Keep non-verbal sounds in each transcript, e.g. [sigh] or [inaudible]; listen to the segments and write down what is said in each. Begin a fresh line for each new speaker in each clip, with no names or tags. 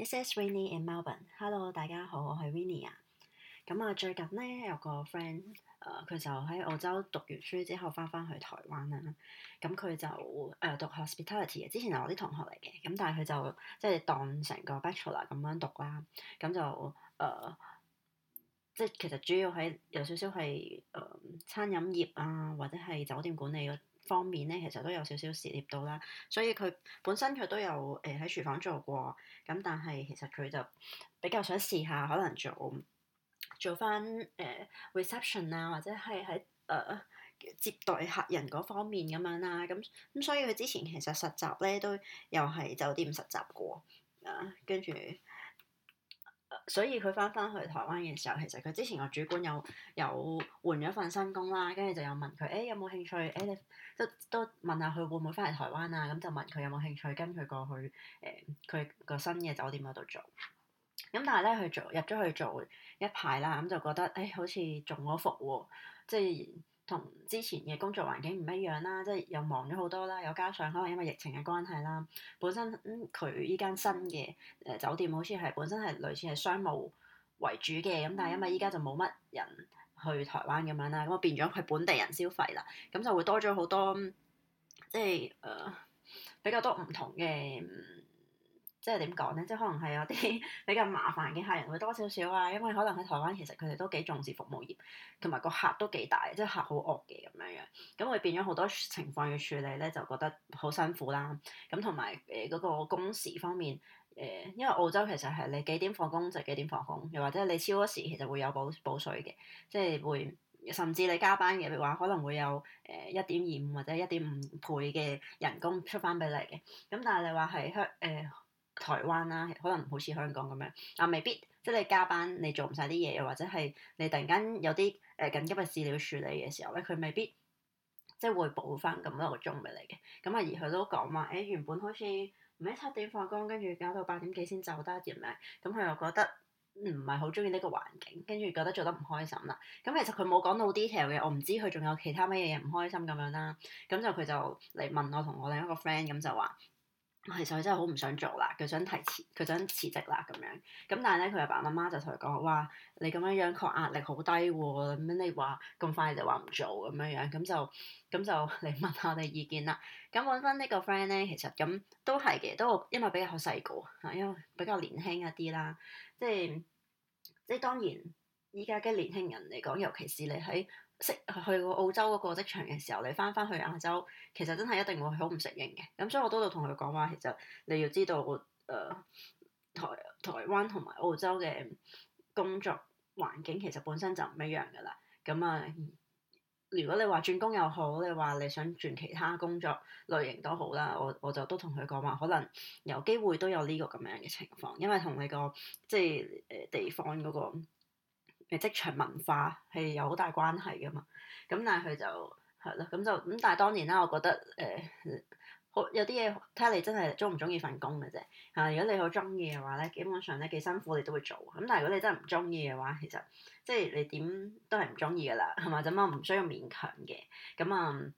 This is Winnie in Melbourne. Hello，大家好，我係 Winnie 啊。咁啊，最近咧有個 friend，誒，佢就喺澳洲讀完書之後，翻翻去台灣啦。咁佢就誒讀 hospitality 嘅，之前係我啲同學嚟嘅。咁但係佢就即係、就是、當成個 bachelor 咁樣讀啦。咁就誒、呃，即係其實主要喺有少少係誒餐飲業啊，或者係酒店管理。方面咧，其實都有少少涉獵到啦，所以佢本身佢都有誒喺、呃、廚房做過，咁但係其實佢就比較想試下可能做做翻誒、呃、reception 啊，或者係喺誒接待客人嗰方面咁樣啦、啊，咁咁所以佢之前其實實習咧都又係酒店實習過啊，跟住。所以佢翻翻去台灣嘅時候，其實佢之前個主管有有換咗份新工啦，跟住就有問佢，誒、欸、有冇興趣？欸、你都都問下佢會唔會翻嚟台灣啊？咁就問佢有冇興趣跟佢過去誒佢、欸、個新嘅酒店嗰度做。咁但係咧，佢做入咗去做一排啦，咁就覺得誒、欸、好似中咗伏喎，即係。同之前嘅工作環境唔一樣啦，即係又忙咗好多啦，又加上可能因為疫情嘅關係啦，本身佢依、嗯、間新嘅誒、呃、酒店好似係本身係類似係商務為主嘅，咁但係因為依家就冇乜人去台灣咁樣啦，咁變咗佢本地人消費啦，咁就會多咗好多即係誒、呃、比較多唔同嘅。嗯即係點講咧？即係可能係有啲比較麻煩嘅客人會多少少啊，因為可能喺台灣其實佢哋都幾重視服務業，同埋個客都幾大，即係客好惡嘅咁樣樣，咁會變咗好多情況要處理咧，就覺得好辛苦啦。咁同埋誒嗰個工時方面誒、呃，因為澳洲其實係你幾點放工就幾點放工，又或者你超咗時其實會有補補水嘅，即係會甚至你加班嘅話可能會有誒一點二五或者一點五倍嘅人工出翻俾你嘅。咁但係你話係香誒？台灣啦，可能唔好似香港咁樣，啊未必，即係你加班，你做唔晒啲嘢，又或者係你突然間有啲誒緊急嘅事要處理嘅時候咧，佢未必即係會補翻咁多個鐘俾你嘅。咁啊而佢都講話，誒、欸、原本好似唔係七點放工，跟住搞到八點幾先走得，咁樣。咁佢又覺得唔係好中意呢個環境，跟住覺得做得唔開心啦。咁其實佢冇講到 detail 嘅，我唔知佢仲有其他乜嘢唔開心咁樣啦。咁就佢就嚟問我同我另一個 friend，咁就話。其實佢真係好唔想做啦，佢想提辭，佢想辭職啦咁樣。咁但係咧，佢阿爸阿媽就同佢講：哇，你咁樣壓、啊、你樣，確壓力好低喎。咁你話咁快就話唔做咁樣樣，咁就咁就嚟問下我哋意見啦。咁揾翻呢個 friend 咧，其實咁都係嘅，都因為比較細個，吓，因為比較年輕一啲啦。即係即係當然，依家嘅年輕人嚟講，尤其是你喺。識去過澳洲嗰個職場嘅時候，你返返去亞洲，其實真係一定會好唔適應嘅。咁所以我都度同佢講話，其實你要知道，誒、呃、台台灣同埋澳洲嘅工作環境其實本身就唔一樣㗎喇。咁啊，如果你話轉工又好，你話你想轉其他工作類型都好啦，我我就都同佢講話，可能有機會都有呢個咁樣嘅情況，因為同你個即係誒地方嗰、那個。誒職場文化係有好大關係嘅嘛，咁但係佢就係咯，咁就咁但係當然啦，我覺得誒好、呃、有啲嘢睇下你真係中唔中意份工嘅啫嚇。如果你好中意嘅話咧，基本上咧幾辛苦你都會做。咁但係如果你真係唔中意嘅話，其實即係你點都係唔中意噶啦，係咪啊？咁啊，唔需要勉強嘅，咁、嗯、啊。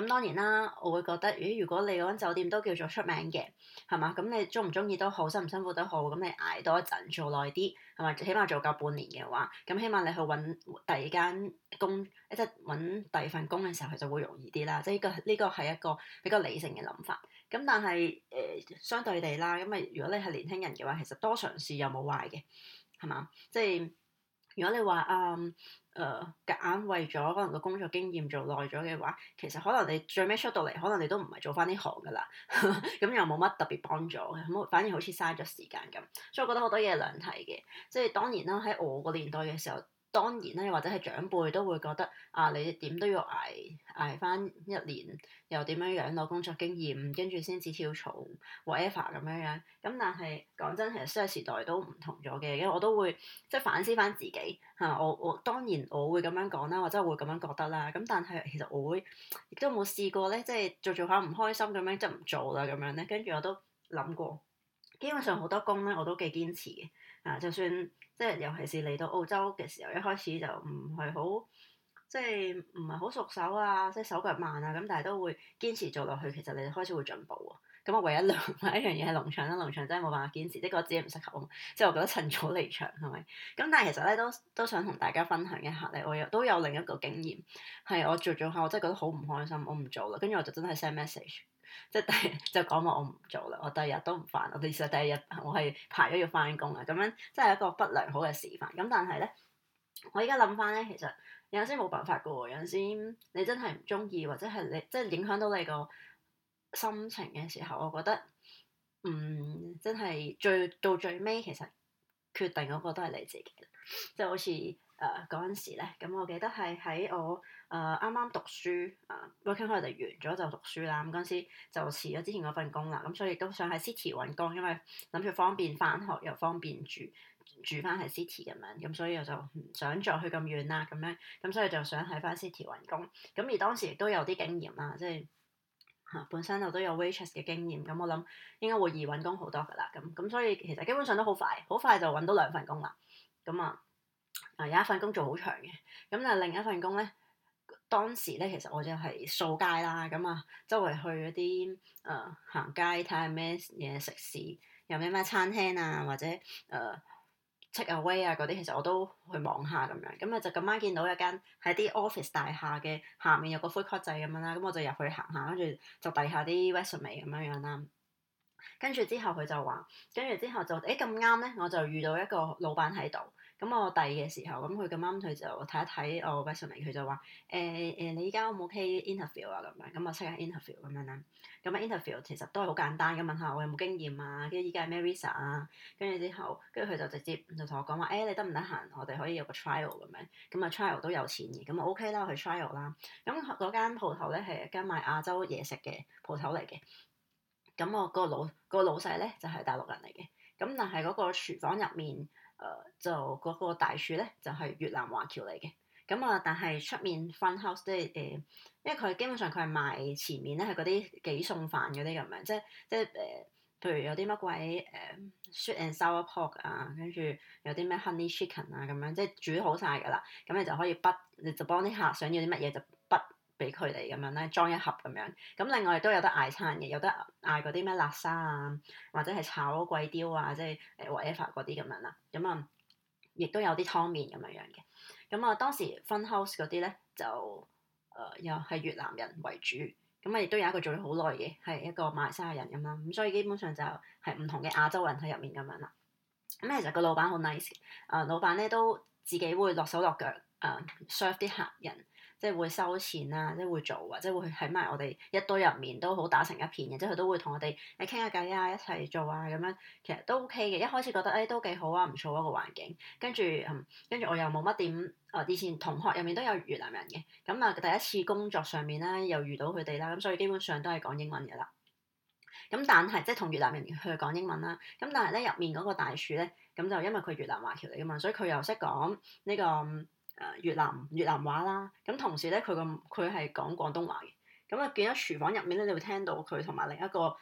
咁當然啦，我會覺得咦，如果你嗰間酒店都叫做出名嘅，係嘛？咁你中唔中意都好，辛唔辛苦都好，咁你捱多一陣，做耐啲，係咪？起碼做夠半年嘅話，咁起碼你去揾第二間工，即係揾第二份工嘅時候，佢就會容易啲啦。即係呢個呢個係一個比較理性嘅諗法。咁但係誒、呃，相對地啦，咁啊，如果你係年輕人嘅話，其實多嘗試又冇壞嘅，係嘛？即係。如果你話啊，誒夾硬為咗可能個工作經驗做耐咗嘅話，其實可能你最尾出到嚟，可能你都唔係做翻啲行噶啦，咁 [laughs] 又冇乜特別幫助嘅，咁反而好似嘥咗時間咁。所以我覺得好多嘢係兩睇嘅，即係當然啦，喺我嗰年代嘅時候。當然咧，或者係長輩都會覺得啊，你點都要捱捱翻一年，又點樣樣攞工作經驗，跟住先至跳槽 whatever 咁樣樣。咁但係講真，其實即係時代都唔同咗嘅，因為我都會即係反思翻自己嚇。我我當然我會咁樣講啦，或者會咁樣覺得啦。咁但係其實我會亦都冇試過咧，即係做做下唔開心咁樣即係唔做啦咁樣咧，跟住我都諗過。基本上好多工咧，我都幾堅持嘅。啊，就算即係尤其是嚟到澳洲嘅時候，一開始就唔係好，即係唔係好熟手啊，即係手腳慢啊，咁但係都會堅持做落去。其實你開始會進步喎、啊。咁、嗯、我唯一兩一樣嘢係農場啦，農場真係冇辦法堅持，即覺得自己唔適合啊。即係我覺得趁早離場係咪？咁但係其實咧都都想同大家分享一下咧，我有都有另一個經驗係我做咗下，我真係覺得好唔開心，我唔做啦。跟住我就真係 send message。即係就講話我唔做啦，我第二日都唔翻，我哋其實第二日我係排咗要翻工啊，咁樣即係一個不良好嘅示範。咁但係咧，我而家諗翻咧，其實有陣時冇辦法㗎喎，有陣時你真係唔中意，或者係你即係影響到你個心情嘅時候，我覺得嗯真係最到最尾其實決定嗰個都係你自己，即係好似。誒嗰陣時咧，咁我記得係喺我誒啱啱讀書啊、uh，working holiday 完咗就讀書啦。咁嗰陣時就辭咗之前嗰份工啦。咁所以都想喺 city 搵工，因為諗住方便返學又方便住住返喺 city 咁樣。咁所以我就唔想再去咁遠啦。咁樣咁所以就想喺返 city 搵工。咁而當時亦都有啲經驗啦，即係嚇、啊、本身我都有 waitress 嘅經驗。咁我諗應該會易搵工好多㗎啦。咁咁所以其實基本上都好快，好快就搵到兩份工啦。咁啊～啊，有一份工做好長嘅咁啊，但另一份工咧，當時咧其實我就係掃街啦，咁、嗯、啊周圍去嗰啲誒行街睇下咩嘢食肆，有咩咩餐廳啊或者誒、呃、take away 啊嗰啲，其實我都去望下咁樣，咁、嗯、啊就咁啱見到一間喺啲 office 大廈嘅下面有個 food court 仔咁樣啦，咁、嗯、我就入去行，行一下一，跟住就睇下啲 resume 咁樣樣啦。跟住之後佢就話，跟住之後就誒咁啱咧，我就遇到一個老闆喺度。咁我第二嘅時候，咁佢咁啱佢就睇一睇我 resume，佢就話：誒、欸、誒，你依家 O 唔 OK interview 啊？咁樣，咁我即刻 interview 咁樣咧。咁啊 interview 其實都係好簡單咁問下我有冇經驗啊，跟住依家係咩 visa 啊，跟住之後，跟住佢就直接就同我講話：誒、欸，你得唔得閒？我哋可以有個 trial 咁樣，咁啊 trial 都有錢嘅，咁啊 OK 啦，去 trial 啦。咁嗰間鋪頭咧係一間賣亞洲嘢食嘅鋪頭嚟嘅。咁我個老個老細咧就係大陸人嚟嘅，咁但係嗰個廚房入面。誒、呃、就嗰、那個大樹咧，就係、是、越南華僑嚟嘅。咁啊、呃，但係出面 front house 即係誒，因為佢基本上佢係賣前面咧係嗰啲幾餸飯嗰啲咁樣，即係即係誒，譬如有啲乜鬼誒 sweet and sour pork 啊，跟住有啲咩 honey chicken 啊咁樣，即係煮好晒㗎啦。咁你就可以不，你就幫啲客想要啲乜嘢就。俾佢哋咁樣咧，裝一盒咁樣。咁另外亦都有得嗌餐嘅，有得嗌嗰啲咩喇沙啊，或者係炒貴刁啊，即係 whatever 嗰啲咁樣啦。咁、嗯、啊，亦都有啲湯麵咁樣樣嘅。咁、嗯、啊，當時 front house 嗰啲咧就誒、呃、又係越南人為主。咁、嗯、啊，亦都有一個做咗好耐嘅，係一個馬來西亞人咁啦。咁所以基本上就係唔同嘅亞洲人喺入面咁樣啦。咁、嗯、其實個老闆好 nice，啊、呃、老闆咧都自己會落手落腳啊、呃、serve 啲客人。即係會收錢啦，即係會做，或者會喺埋我哋一堆入面都好打成一片嘅，即係佢都會同我哋誒傾下偈啊，一齊做啊咁樣，其實都 OK 嘅。一開始覺得誒、哎、都幾好啊，唔錯啊個環境。跟住，嗯，跟住我又冇乜點、啊、以前同學入面都有越南人嘅咁啊。第一次工作上面咧又遇到佢哋啦，咁所以基本上都係講英文嘅啦。咁但係即係同越南人去講英文啦。咁但係咧入面嗰個大廚咧，咁就因為佢係越南華僑嚟噶嘛，所以佢又識講呢個，越南越南話啦，咁同時咧佢個佢係講廣東話嘅，咁啊見喺廚房入面咧，你會聽到佢同埋另一個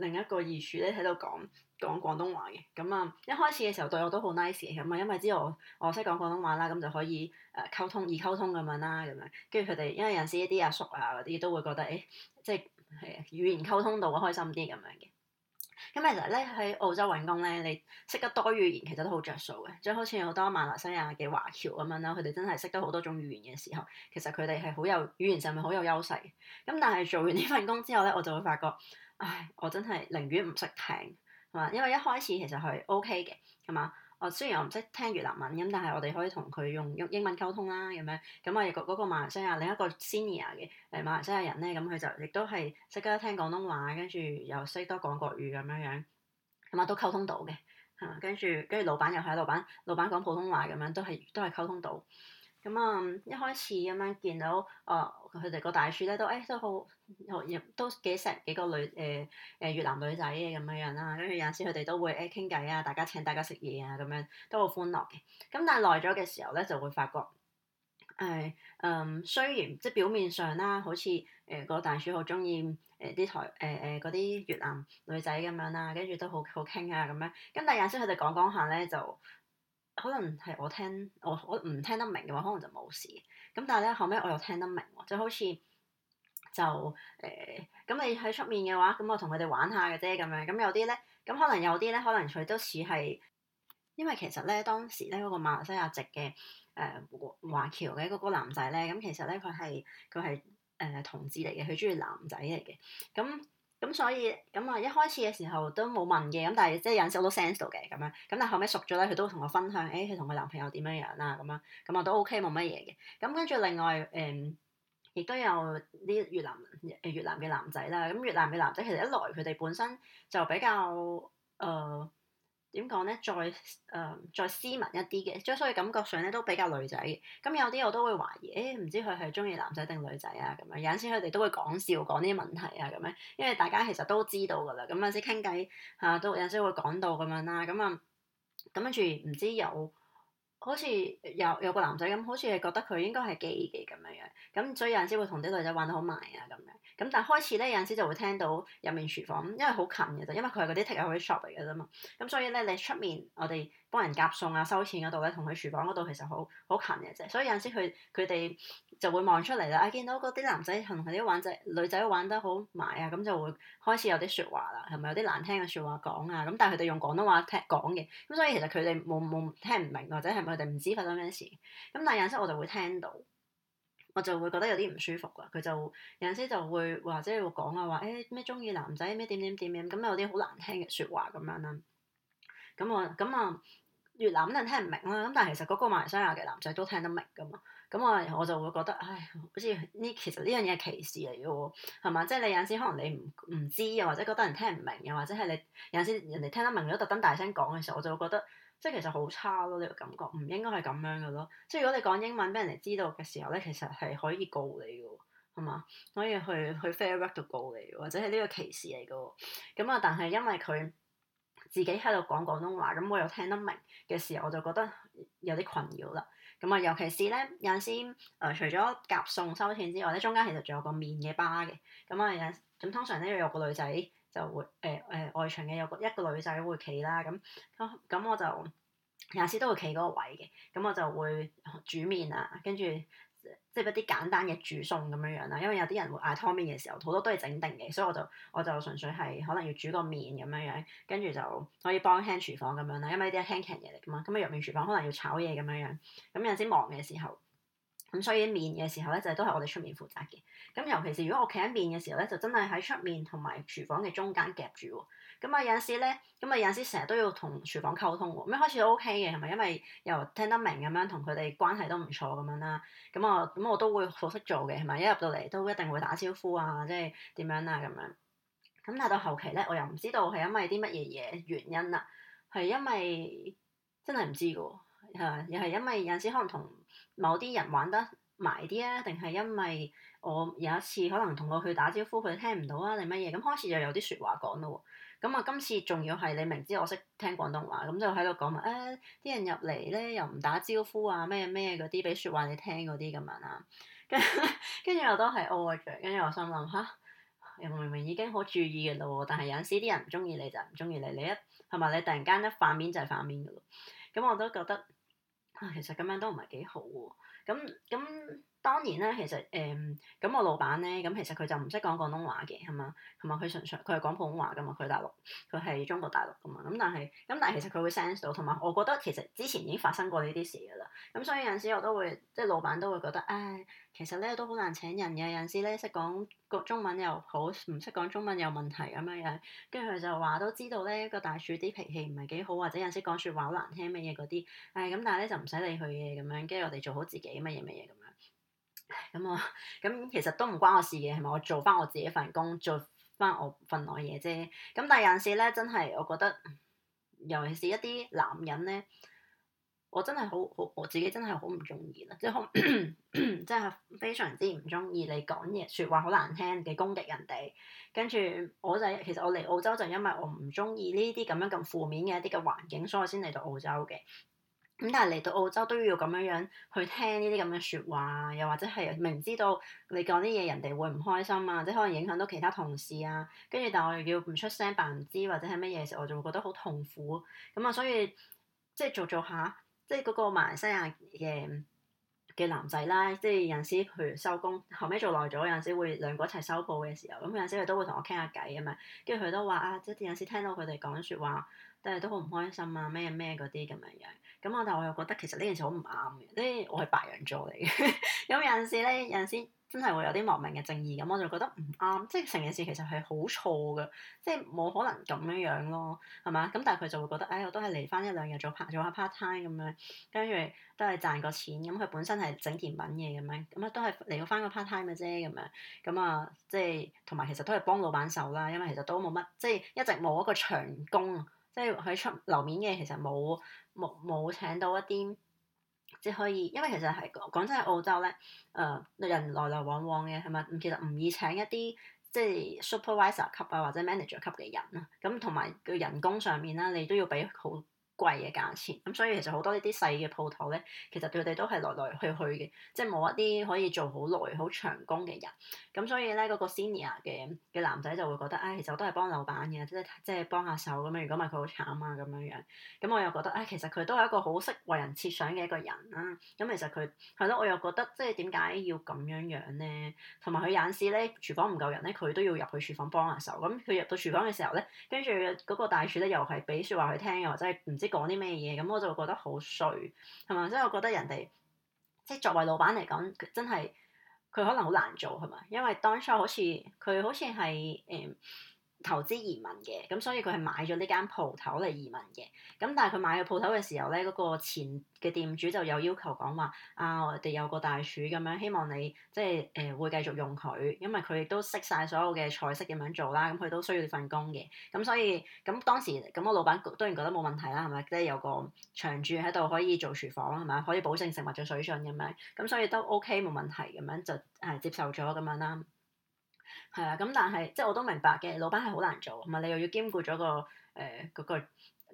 另一個二廚咧喺度講講廣東話嘅，咁啊一開始嘅時候對我都好 nice 嘅，咁啊因為之後我我識講廣東話啦，咁就可以誒溝通易溝通咁樣啦，咁樣跟住佢哋因為有時一啲阿叔啊嗰啲都會覺得誒、欸、即係係語言溝通到開心啲咁樣嘅。咁其實咧喺澳洲揾工咧，你識得多語言其實都好着數嘅，即係好似好多馬來西亞嘅華僑咁樣啦，佢哋真係識得好多種語言嘅時候，其實佢哋係好有語言上面好有優勢。咁但係做完呢份工之後咧，我就會發覺，唉，我真係寧願唔識聽，係嘛？因為一開始其實係 OK 嘅，係嘛？哦，雖然我唔識聽越南文咁，但係我哋可以同佢用英英文溝通啦，咁樣咁啊嗰嗰個馬來西亞另一個 senior 嘅誒馬來西亞人咧，咁佢就亦都係識得聽廣東話，跟住又識多講國語咁樣樣，同埋都溝通到嘅嚇，跟住跟住老闆又係老闆，老闆講普通話咁樣都係都係溝通到。咁啊、well like，一開始咁樣見到，啊，佢哋個大廚咧都，誒，都好，都幾錫幾個女，誒誒越南女仔嘅咁樣樣啦，跟住有時佢哋都會誒傾偈啊，大家請大家食嘢啊，咁樣都好歡樂嘅。咁但係耐咗嘅時候咧，就會發覺，誒，嗯，雖然即係表面上啦，好似誒個大廚好中意誒啲台誒誒嗰啲越南女仔咁樣啦，跟住都好好傾啊咁樣，咁但係有時佢哋講講下咧就。可能係我聽我我唔聽得明嘅話，可能就冇事。咁但係咧後尾我又聽得明，就好似就誒，咁，呃，你喺出面嘅話，咁我同佢哋玩下嘅啫，咁樣。咁有啲咧，咁可能有啲咧，可能佢都似係，因為其實咧當時咧嗰個馬來西亞籍嘅誒華僑嘅嗰個男仔咧，咁其實咧佢係佢係誒同志嚟嘅，佢中意男仔嚟嘅，咁。咁所以咁啊，我一開始嘅時候都冇問嘅，咁但係即係有陣時我都 sense 到嘅咁樣，咁但係後尾熟咗咧，佢都會同我分享，誒佢同佢男朋友點樣樣啦。咁樣，咁我都 OK 冇乜嘢嘅。咁跟住另外誒，亦、嗯、都有啲越南誒越南嘅男仔啦，咁越南嘅男仔其實一來佢哋本身就比較誒。呃點講咧？再誒、呃，再斯文一啲嘅，即所以感覺上咧都比較女仔嘅。咁有啲我都會懷疑，誒、欸、唔知佢係中意男仔定女仔啊？咁樣有陣時佢哋都會講笑講啲問題啊咁樣，因為大家其實都知道噶啦。咁有陣時傾偈嚇，都有陣時會講到咁樣啦。咁啊，咁跟住唔知有好似有有個男仔咁，好似係覺得佢應該係 gay 嘅咁樣樣。咁所以有陣時會同啲女仔玩得好埋啊咁樣。咁但係開始咧有陣時就會聽到入面廚房，因為好近嘅就因為佢係嗰啲 take away shop 嚟嘅啫嘛。咁所以咧你出面我哋幫人夾餸啊收錢嗰度咧，同佢廚房嗰度其實好好近嘅啫。所以有陣時佢佢哋就會望出嚟啦、啊，見到嗰啲男仔同佢啲玩仔女仔玩得好埋啊，咁、嗯、就會開始有啲説話啦，係咪有啲難聽嘅説話講啊？咁但係佢哋用廣東話聽講嘅，咁、嗯、所以其實佢哋冇冇聽唔明，或者係咪佢哋唔知發生咩事？咁但係有陣時我就會聽到。我就會覺得有啲唔舒服噶，佢就有陣時就會或者會講啊，話誒咩中意男仔咩點點點咁，有啲好難聽嘅說話咁樣啦。咁、嗯、我咁啊、嗯、越南人聽唔明啦，咁但係其實嗰個馬來西亞嘅男仔都聽得明噶嘛。咁、嗯、我、嗯、我就會覺得，唉，好似呢其實呢樣嘢係歧視嚟嘅喎，係嘛？即、就、係、是、你有陣時可能你唔唔知又或者覺得人聽唔明又或者係你有陣時人哋聽得明，如果特登大聲講嘅時候，我就會覺得。即係其實好差咯呢個感覺，唔應該係咁樣嘅咯。即係如果你講英文俾人哋知道嘅時候咧，其實係可以告你嘅喎，係嘛？可以去去 Fair Work 度告你，或者係呢個歧視嚟嘅。咁啊，但係因為佢自己喺度講廣東話，咁我又聽得明嘅時候，我就覺得有啲困擾啦。咁啊，尤其是咧有陣時，誒、呃、除咗夾餸收錢之外咧，中間其實仲有個麵嘅巴嘅。咁啊，有咁通常咧有個女仔。就會誒誒、呃呃、外場嘅有一個一個女仔會企啦，咁咁我就有陣時都會企嗰個位嘅，咁我就會煮麵啊，跟住即係一啲簡單嘅煮餸咁樣樣啦。因為有啲人會嗌湯麵嘅時候，好多都係整定嘅，所以我就我就純粹係可能要煮個麵咁樣樣，跟住就可以幫輕廚房咁樣啦，因為呢啲係輕型嘢嚟噶嘛。咁啊，入面廚房可能要炒嘢咁樣樣，咁有陣時忙嘅時候。咁所以面嘅時候咧，就係、是、都係我哋出面負責嘅。咁尤其是如果我企喺面嘅時候咧，就真係喺出面同埋廚房嘅中間夾住。咁啊有陣時咧，咁啊有陣時成日都要同廚房溝通。咁一開始都 OK 嘅，係咪因為又聽得明咁樣，同佢哋關係都唔錯咁樣啦。咁我咁我都會學識做嘅，係咪一入到嚟都一定會打招呼啊，即係點樣啊咁樣。咁但係到後期咧，我又唔知道係因為啲乜嘢嘢原因啦、啊，係因為真係唔知嘅，係又係因為有陣時可能同。某啲人玩得埋啲啊，定係因為我有一次可能同佢去打招呼，佢聽唔到啊定乜嘢？咁開始又有啲説話講咯喎，咁啊今次仲要係你明知我識聽廣東話，咁就喺度講埋，誒、哎、啲人入嚟咧又唔打招呼啊咩咩嗰啲俾説話你聽嗰啲咁樣啦，跟 [laughs] 住我都係惡著，跟住我心諗吓？明明已經好注意嘅咯喎，但係有陣時啲人唔中意你就唔中意你，你一同埋你突然間一反面就係反面嘅咯，咁我都覺得。啊，其實咁樣都唔係幾好咁、啊、咁。當然啦，其實誒咁、嗯、我老闆咧咁，其實佢就唔識講廣東話嘅係嘛，同埋佢純粹佢係講普通話噶嘛，佢大陸佢係中國大陸噶嘛。咁但係咁但係其實佢會 sense 到，同埋我覺得其實之前已經發生過呢啲事噶啦。咁所以有陣時我都會即係老闆都會覺得唉、哎，其實咧都好難請人嘅。有陣時咧識講個中文又好，唔識講中文有問題咁樣樣，跟住佢就話都知道咧個大廚啲脾氣唔係幾好，或者有時講説話好難聽乜嘢嗰啲唉，咁、哎，但係咧就唔使理佢嘅咁樣，跟住我哋做好自己乜嘢乜嘢咁。咁啊，咁、嗯、其實都唔關我事嘅，係咪？我做翻我自己份工，做翻我份內嘢啫。咁但係有陣時咧，真係我覺得，尤其是一啲男人咧，我真係好好我自己，真係好唔中意啦，即係好 [coughs] 即係非常之唔中意你講嘢說話好難聽嘅攻擊人哋。跟住我就其實我嚟澳洲就因為我唔中意呢啲咁樣咁負面嘅一啲嘅環境，所以我先嚟到澳洲嘅。咁但係嚟到澳洲都要咁樣樣去聽呢啲咁嘅說話，又或者係明知道你講啲嘢人哋會唔開心啊，即可能影響到其他同事啊。跟住但我又要唔出聲扮唔知或者係乜嘢嘅時候，我就會覺得好痛苦。咁啊，所以即係做做下，即係嗰個馬來西亞嘅嘅男仔啦。即係有陣時譬如收工後尾做耐咗，有陣時會兩個一齊收鋪嘅時候，咁有陣時佢都會同我傾下偈啊嘛。跟住佢都話啊，即係有陣時聽到佢哋講說話，但係都好唔開心啊，咩咩嗰啲咁樣樣。咁啊！但係我又覺得其實呢件事好唔啱嘅。呢我係白羊座嚟嘅，咁 [laughs] 有陣時咧，有陣時真係會有啲莫名嘅正義咁，我就覺得唔啱。即係成件事其實係好錯嘅，即係冇可能咁樣樣咯，係嘛？咁但係佢就會覺得誒、哎，我都係嚟翻一兩日做 part 做下 part time 咁樣，跟住都係賺個錢。咁佢本身係整甜品嘢嘅咁樣，咁啊，都係嚟過翻個 part time 嘅啫。咁樣咁啊，即係同埋其實都係幫老闆手啦。因為其實都冇乜，即係一直冇一個長工，即係喺出樓面嘅，其實冇。冇冇請到一啲即係可以，因為其實係講真喺澳洲咧，誒、呃、人來來往往嘅係咪？其實唔易請一啲即係 supervisor 級啊或者 manager 級嘅人啊。咁同埋佢人工上面啦，你都要俾好貴嘅價錢，咁所以其實好多呢啲細嘅鋪頭咧，其實佢哋都係來來去去嘅，即係冇一啲可以做好耐好長工嘅人。咁所以咧，嗰、那個 senior 嘅嘅男仔就會覺得，唉、哎，其實我都係幫老闆嘅，即係即係幫下手咁樣。如果唔係佢好慘啊咁樣樣。咁我又覺得，唉、哎，其實佢都係一個好識為人設想嘅一個人啦。咁其實佢係咯，我又覺得即係點解要咁樣樣咧？同埋佢有陣時咧，廚房唔夠人咧，佢都要入去廚房幫下手。咁佢入到廚房嘅時候咧，跟住嗰個大廚咧又係俾説話佢聽又或者係唔知。講啲咩嘢，咁我就覺得好衰，係嘛？所以我覺得人哋即係作為老闆嚟講，真係佢可能好難做，係咪？因為當初好似佢好似係誒。嗯投資移民嘅，咁所以佢係買咗呢間鋪頭嚟移民嘅。咁但係佢買個鋪頭嘅時候咧，嗰、那個前嘅店主就有要求講話，啊，我哋有個大廚咁樣，希望你即係誒、呃、會繼續用佢，因為佢亦都識晒所有嘅菜式咁樣做啦，咁佢都需要呢份工嘅。咁所以咁當時咁個老闆當然覺得冇問題啦，係咪？即、就、係、是、有個長住喺度可以做廚房，係咪？可以保證食物嘅水準咁樣，咁所以都 OK 冇問題咁樣就誒接受咗咁樣啦。係啊，咁但係即係我都明白嘅，老闆係好難做，係咪？你又要兼顧咗個誒、呃、個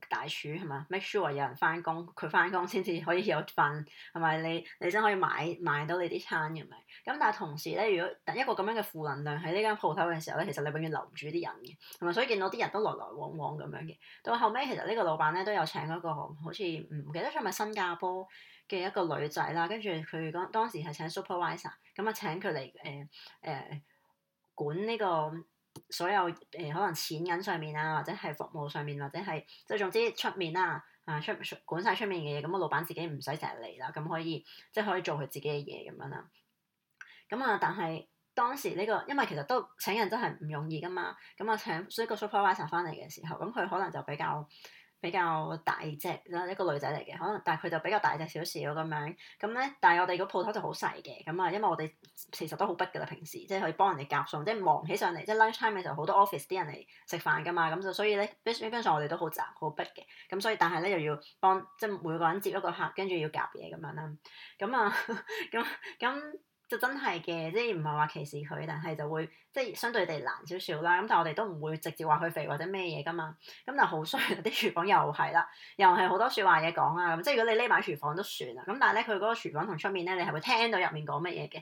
大廚係咪？Make sure 有人翻工，佢翻工先至可以有飯，係咪？你你先可以買買到你啲餐係咪？咁但係同時咧，如果一個咁樣嘅負能量喺呢間鋪頭嘅時候咧，其實你永遠留唔住啲人嘅，係咪？所以見到啲人都來來往往咁樣嘅，到後尾，其實呢個老闆咧都有請嗰個好似唔記得係咪新加坡嘅一個女仔啦，跟住佢當當時係請 supervisor，咁啊請佢嚟誒誒。呃呃呃呃呃管呢個所有誒、呃、可能錢銀上面啊，或者係服務上面，或者係即係總之出面啊，啊出管晒出面嘅嘢，咁啊老闆自己唔使成日嚟啦，咁可以即係可以做佢自己嘅嘢咁樣啦。咁啊，但係當時呢、呢個，因為其實都請人真係唔容易噶嘛，咁啊請所以個 supervisor 翻嚟嘅時候，咁佢可能就比較，比較大隻啦，一個女仔嚟嘅，可能但係佢就比較大隻少少咁樣，咁咧，但係我哋個鋪頭就好細嘅，咁啊，因為我哋其實都好逼噶啦，平時即係可以幫人哋夾餸，即係忙起上嚟，即係 lunchtime 嘅時候好多 office 啲人嚟食飯噶嘛，咁就所以咧，基本上我哋都好窄好逼嘅，咁所以但係咧又要幫即係每個人接一個客，跟住要夾嘢咁樣啦，咁啊，咁 [laughs] 咁。就真係嘅，即係唔係話歧視佢，但係就會即係相對地難少少啦。咁但係我哋都唔會直接話佢肥或者咩嘢㗎嘛。咁但係好衰，啲廚房又係啦，又係好多説話嘢講啊。咁即係如果你匿埋喺廚房都算啊。咁但係咧，佢嗰個廚房同出面咧，你係會聽到入面講乜嘢嘅。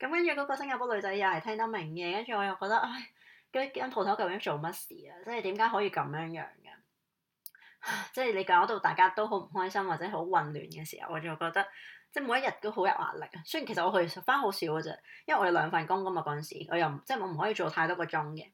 咁跟住嗰個新加坡女仔又係聽得明嘅。跟住我又覺得，唉，嗰間鋪頭究竟做乜事啊？即係點解可以咁樣樣嘅？即係你搞到大家都好唔開心或者好混亂嘅時候，我就覺得。即係每一日都好有壓力啊！雖然其實我可以翻好少嘅啫，因為我有兩份工噶嘛嗰陣時，我又即係我唔可以做太多個鐘嘅，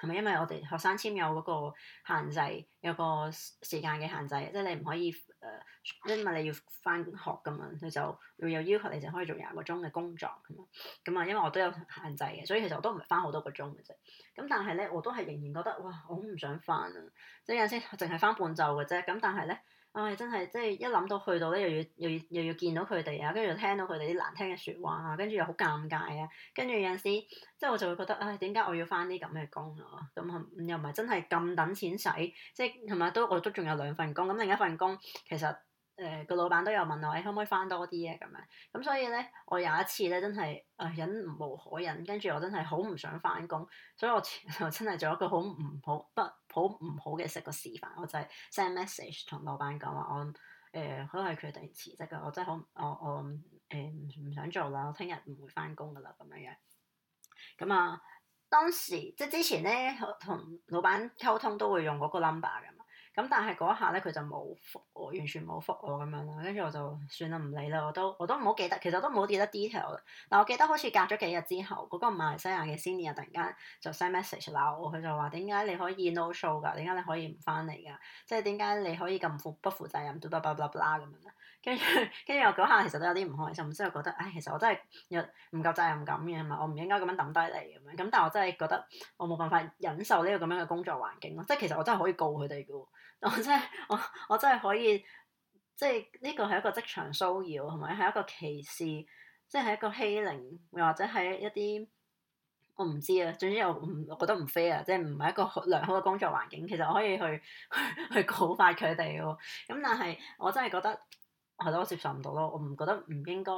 係咪因為我哋學生簽有嗰個限制，有個時間嘅限制，即係你唔可以誒，呃、因為你要翻學噶嘛，佢就又有要求你就可以做廿個鐘嘅工作咁啊，咁啊，因為我都有限制嘅，所以其實我都唔係翻好多個鐘嘅啫。咁但係咧，我都係仍然覺得哇，我唔想翻啊！即係有陣時淨係翻半晝嘅啫。咁但係咧。唉、哎，真係，即係一諗到去到呢，又要又要又要見到佢哋啊，跟住又聽到佢哋啲難聽嘅説話啊，跟住又好尷尬啊，跟住有陣時，即係我就會覺得，唉、哎，點解我要返啲咁嘅工啊？咁又唔係真係咁等錢使，即係同埋都我都仲有兩份工，咁另一份工其實。誒個、呃、老闆都有問我，欸、可唔可以返多啲啊？咁樣咁所以咧，我有一次咧真係誒、哎、忍無可忍，跟住我真係好唔想返工，所以我就真係做一個好唔好不好唔好嘅食個示範，我就係 send message 同老闆講話，我誒可能係佢哋辭職嘅，我真係好我我誒唔唔想做啦，我聽日唔會返工噶啦咁樣樣。咁啊，當時即係之前咧，我同老闆溝通都會用嗰個 number 嘅。咁但係嗰一下咧，佢就冇覆我，完全冇覆我咁樣啦。跟住我就算啦，唔理啦。我都我都唔好記得，其實都唔好記得 detail 啦。但，我記得好似隔咗幾日之後，嗰個馬來西亞嘅 Senior 突然間就 send message 鬧我，佢就話點解你可以 no show 㗎？點解你可以唔返嚟㗎？即係點解你可以咁負不負責任？嘟嘟嘟嘟嘟咁樣咧。跟住，跟住我嗰下其實都有啲唔開心，即係覺得，唉、哎，其實我真係有唔夠責任感嘅嘛，我唔應該咁樣抌低你咁樣。咁，但我真係覺得我冇辦法忍受呢個咁樣嘅工作環境咯。即係其實我真係可以告佢哋嘅，我真係我我真係可以，即係呢、這個係一個職場騷擾，同埋係一個歧視，即係一個欺凌，又或者係一啲我唔知啊。總之我唔，我覺得唔 f a 即係唔係一個良好嘅工作環境。其實我可以去去，去告發佢哋嘅，咁但係我真係覺得。係咯，我接受唔到咯，我唔覺得唔應該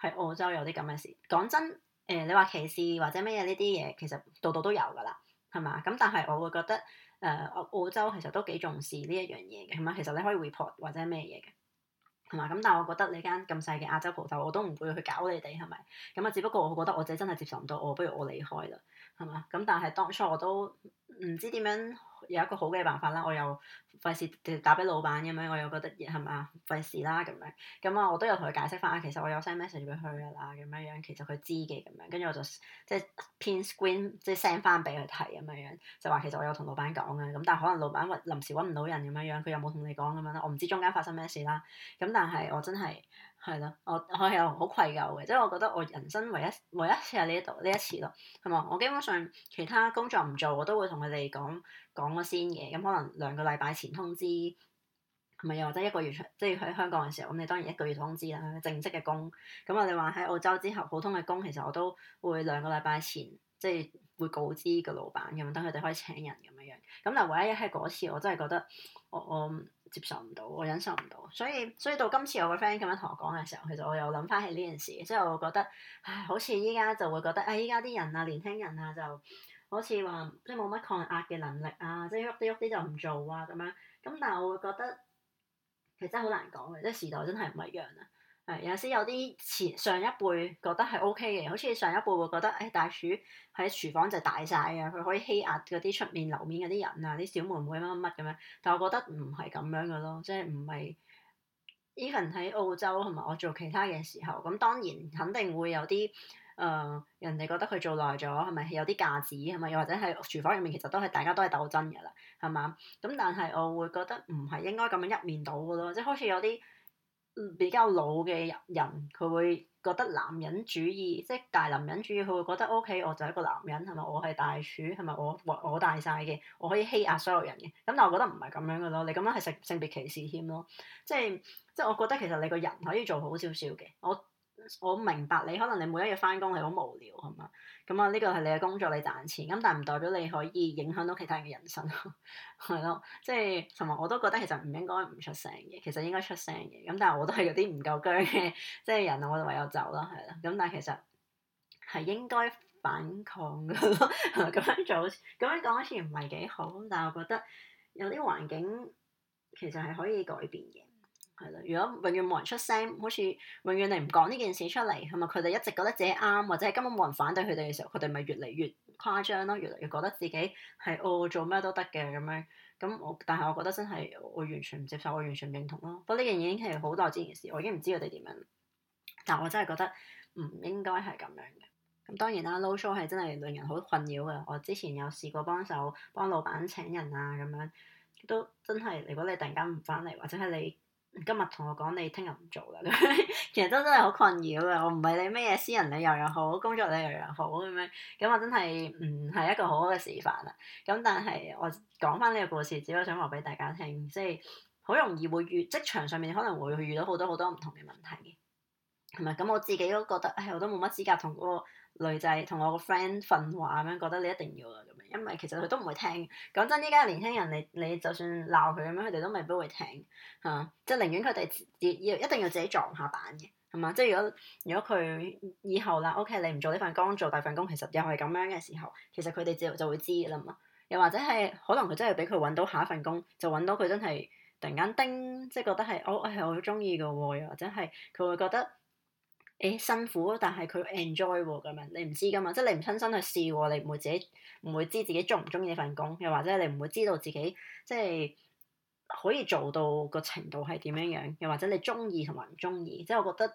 喺澳洲有啲咁嘅事。講真，誒、呃、你話歧視或者咩嘢呢啲嘢，其實度度都有㗎啦，係嘛？咁但係我會覺得，誒、呃、澳澳洲其實都幾重視呢一樣嘢嘅，係嘛？其實你可以 report 或者咩嘢嘅，係嘛？咁但係我覺得你間咁細嘅亞洲鋪頭，我都唔會去搞你哋，係咪？咁啊，只不過我覺得我自己真係接受唔到，我不如我離開啦，係嘛？咁但係當初我都。唔知點樣有一個好嘅辦法啦，我又費事打俾老闆咁樣，我又覺得係咪費事啦咁樣。咁啊，我都有同佢解釋翻啊，其實我有 send message 俾佢㗎啦，咁樣樣其實佢知嘅咁樣。跟住我就即係 pin screen 即係 send 翻俾佢睇咁樣樣，就話其實我有同老闆講嘅，咁但係可能老闆揾臨時揾唔到人咁樣樣，佢又冇同你講咁樣啦，我唔知中間發生咩事啦。咁但係我真係。係咯，我我又好愧疚嘅，即係我覺得我人生唯一唯一一次係呢度呢一次咯，係嘛？我基本上其他工作唔做，我都會同佢哋講講咗先嘅，咁可能兩個禮拜前通知，唔係又或者一個月即係喺香港嘅時候，咁你當然一個月通知啦，正式嘅工，咁我哋話喺澳洲之後普通嘅工，其實我都會兩個禮拜前。即係會告知個老闆咁，等佢哋可以請人咁樣樣。咁但唯一係嗰次，我真係覺得我我接受唔到，我忍受唔到。所以所以到今次我個 friend 咁樣同我講嘅時候，其實我又諗翻起呢件事，之後我覺得唉，好似依家就會覺得唉，依家啲人啊，年輕人啊，就好似話即係冇乜抗壓嘅能力啊，即係喐啲喐啲就唔做啊咁樣。咁但係我會覺得其實真係好難講嘅，即係時代真係唔一樣啊。係、嗯、有時有啲前上一輩覺得係 O K 嘅，好似上一輩會覺得唉、欸，大廚喺廚房就大晒啊，佢可以欺壓嗰啲出面樓面嗰啲人啊，啲小妹妹乜乜乜咁樣。但我覺得唔係咁樣嘅咯，即係唔係 even 喺澳洲同埋我做其他嘅時候，咁當然肯定會有啲誒、呃、人哋覺得佢做耐咗係咪有啲架子係咪？又或者係廚房入面其實都係大家都係鬥爭㗎啦，係嘛？咁但係我會覺得唔係應該咁樣一面倒嘅咯，即係好似有啲。比較老嘅人，佢會覺得男人主義，即係大男人主義，佢會覺得 OK，我就係一個男人，係咪？我係大廚，係咪？我我大晒嘅，我可以欺壓所有人嘅。咁但係我覺得唔係咁樣嘅咯，你咁樣係性性別歧視添咯。即係即係，我覺得其實你個人可以做好少少嘅。我。我明白你，可能你每一日翻工，係好無聊，係嘛？咁啊，呢個係你嘅工作，你賺錢，咁，但係唔代表你可以影響到其他人嘅人生，咯， [laughs] 係咯？即係同埋我都覺得其實唔應該唔出聲嘅，其實應該出聲嘅。咁但係我都係有啲唔夠薑嘅即係人，我就唯有走啦，係啦。咁但係其實，係應該反抗嘅咯，咁 [laughs] 樣做，咁樣講好似唔係幾好。咁但係我覺得有啲環境其實係可以改變嘅。係啦，如果永遠冇人出聲，好似永遠你唔講呢件事出嚟，係咪佢哋一直覺得自己啱，或者係根本冇人反對佢哋嘅時候，佢哋咪越嚟越誇張咯，越嚟越覺得自己係我、哦、做咩都得嘅咁樣。咁我但係我覺得真係我完全唔接受，我完全認同咯。不過呢樣嘢已經係好耐之前嘅事，我已經唔知佢哋點樣，但我真係覺得唔應該係咁樣嘅。咁當然啦，low show 係真係令人好困淆擾嘅。我之前有試過幫手幫老闆請人啊，咁樣都真係，如果你突然間唔翻嚟，或者係你。今日同我講你聽日唔做啦， [laughs] 其實都真係好困擾噶。我唔係你咩嘢，私人理由又好，工作理由又好，咁樣咁我真係，唔係一個好好嘅示範啦。咁但係我講翻呢個故事，只不過想話俾大家聽，即係好容易會遇職場上面可能會遇到好多好多唔同嘅問題。係咪？咁我自己都覺得，唉，我都冇乜資格同個女仔同我個 friend 訓話咁樣，覺得你一定要因為其實佢都唔會聽，講真，依家年輕人你你就算鬧佢咁樣，佢哋都未必會聽嚇、啊，即係寧願佢哋自一定要自己撞下板嘅，係嘛？即係如果如果佢以後啦，OK，你唔做呢份工，做大份工，其實又係咁樣嘅時候，其實佢哋自就會知㗎啦嘛。又或者係可能佢真係俾佢揾到下一份工，就揾到佢真係突然間叮，即係覺得係、oh, 哎、我係好中意嘅喎，又或者係佢會覺得。誒，辛苦，但係佢 enjoy 喎，咁樣你唔知噶嘛，即係你唔親身去試過，你唔會自己唔會知自己中唔中意呢份工，又或者你唔會知道自己即係可以做到個程度係點樣樣，又或者你中意同埋唔中意，即係我覺得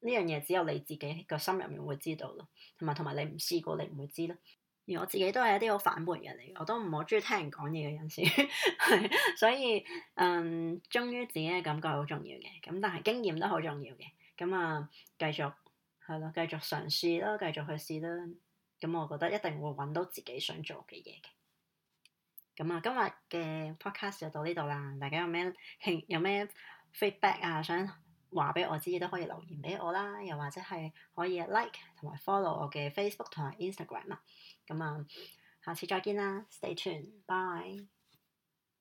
呢樣嘢只有你自己個心入面會知道咯，同埋同埋你唔試過，你唔會知咯。而我自己都係一啲好反叛人嚟，我都唔好中意聽人講嘢嘅人士，嗯、 [laughs] 所以嗯，忠於自己嘅感覺好重要嘅，咁但係經驗都好重要嘅。咁啊、嗯，繼續係咯、嗯，繼續嘗試啦，繼續去試啦。咁、嗯、我覺得一定會揾到自己想做嘅嘢嘅。咁、嗯、啊，今日嘅 podcast 就到呢度啦。大家有咩興有咩 feedback 啊，想話俾我知都可以留言俾我啦。又或者係可以 like 同埋 follow 我嘅 Facebook 同埋 Instagram 啊。咁、嗯、啊，下次再見啦，Stay tuned，bye。